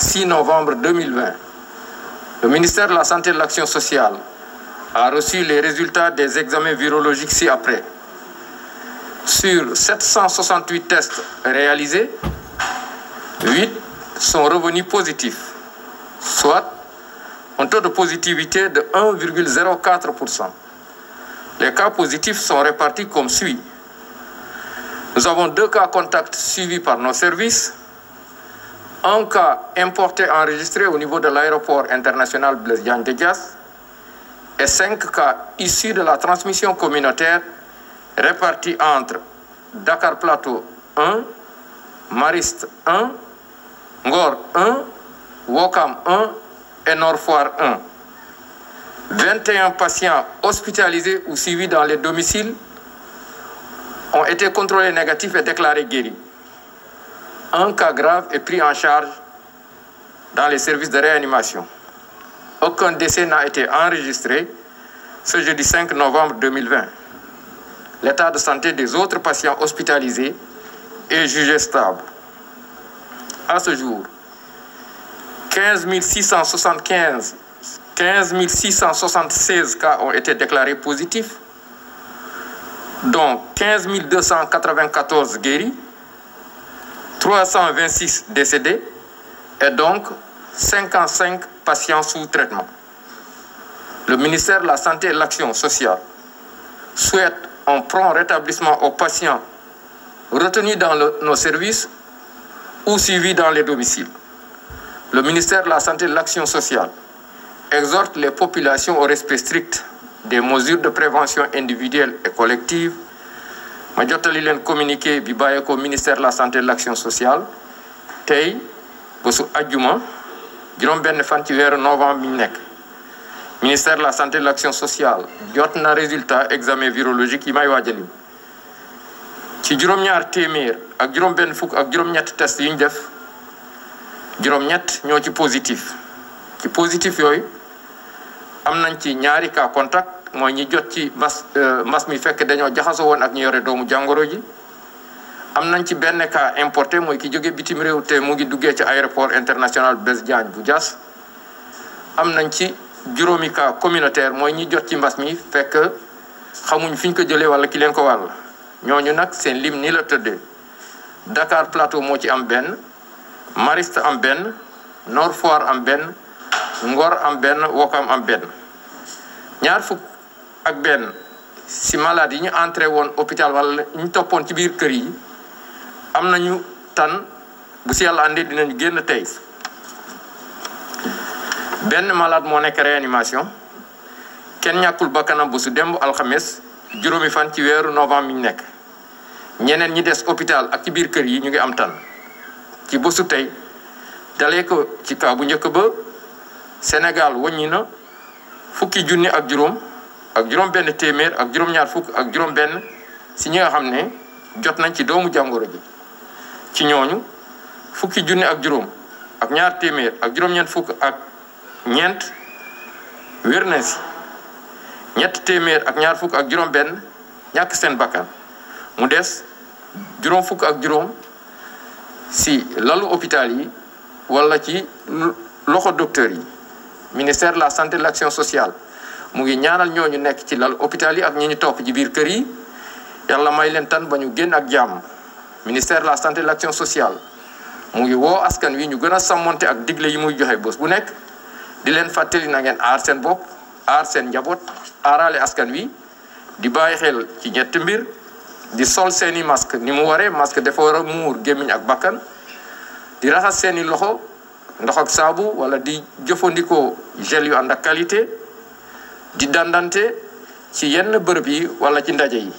6 novembre 2020, le ministère de la Santé sociale a reçu les résultats des examens virologiques ci-après. Sur 768 tests réalisés, 8 sont revenus positifs, soit un taux de positivité de 1,04%. Les cas positifs sont répartis comme suit. Nous avons deux cas par nos services, un cas importé enregistré au niveau de l'aéroport international Blaise Diagne de Diass et cinq cas issus de la transmission communautaire répartis entre Dakar Plateau 1, Mariste 1, Ngor 1, Wokam 1 et Nord Foire et 21 patients hospitalisés ou suivis dans les domiciles ont été contrôlés négatifs et déclarés guéris. un cas grave est pris charge dans les services de réanimation. Aucun décès n'a été enregistré ce jeudi 5 novembre 2020. L'état de santé des autres patients hospitalisés est jugé stable. À ce jour, 15 675 15 676 cas ont été déclarés positifs, dont 15 294 guéris, 326 décédés et donc 55 patients sous traitement. Le ministère de la Santé et sociale souhaite un prompt rétablissement aux patients retenus dans le, nos services ou suivis dans les domiciles. Le ministère la Santé l'Action sociale exhorte les populations au respect des mesures de prévention individuelle et collective ma jottali leen communique bi bàyyeekoo ministère la santé et de l'action sociale tey bésu ajjuma juróom benn fan ci weeru novembre bi ñu nekk ministère la santé de l'action sociale jot na résultat examen virologique yi may waajalim ci juróom-ñaar téeméer ak juróom benn fukk ak juróom-ñett test yi ñu def juróom-ñett ñoo ci positif ci positif yooyu am nañ ci ñaari cas contact mooy ñi jot ci mbas euh, mbas mi fekk dañoo jaxasoo woon ak ñu yore doomu jàngoro ji am nañ ci benn ka importé mooy ki jóge bitim réew te mu ngi duggee ci aéroport international Blaise Diagne bu Diass am nañ ci juróomi cas communautaire mooy ñi jot ci mbas mi fekk xamuñ fiñ ko jëlee wala ki leen ko la ñooñu nag seen lim ni la tëddee Dakar Plateau moo ci am benn Mariste am benn Nord Foire am benn Ngor am benn Wokam am benn ñaar fukk ak benn si malade yi ñu entrée woon hôpital wala ñu toppoon ci biir kër yi am nañu tan bu si yàlla àndee dinañu génn tey benn malade moo nekk réanimation kenn ñàkkul bakkanam bu su demb alxames juróomi fan ci weeru novembre ñu nekk ñeneen ñi des hôpital ak ci biir kër yi ñu ngi am tan ci bësu tey dalee ko ci kaw bu njëkk ba Sénégal wàññi na fukki junni ak juróom ak juróom-benn téeméer ak juróom-ñaar fukk ak juróom-benn si ñi nga xam ne jot nañ ci doomu jàngoro ji ci ñooñu fukki junne ak juróom ak ñaar téeméer ak juróom-ñeent fukk ak ñeent wér ñett téeméer ak ñaar ak juróom-benn ñàkk seen bakkan mu des juróom fukk ak juróom si lalu hôpital yi wala ci loxo docteur yi ministère de la santé de l'action sociale. mu ngi ñaanal ñooñu nekk ci lal hôpital yi ak ñu ñu topp ci biir kër yi yàlla may leen tan ba ñu génn ak jàmm ministère de la santé de l'action sociale mu ngi woo askan wi ñu gën a sàmmonte ak digle yi muy joxe bés bu nekk di leen fàttali na ngeen aar seen bopp aar seen njaboot aarale askan wi di bàyyi xel ci ñetti mbir di sol seeni masque ni mu waree masque dafa war a muur gémmiñ ak bakkan di raxas seeni loxo ndox ak saabu wala di jëfandikoo gel yu ànd ak qualité di dandante ci yenn bërëb yi wala ci ndaje yi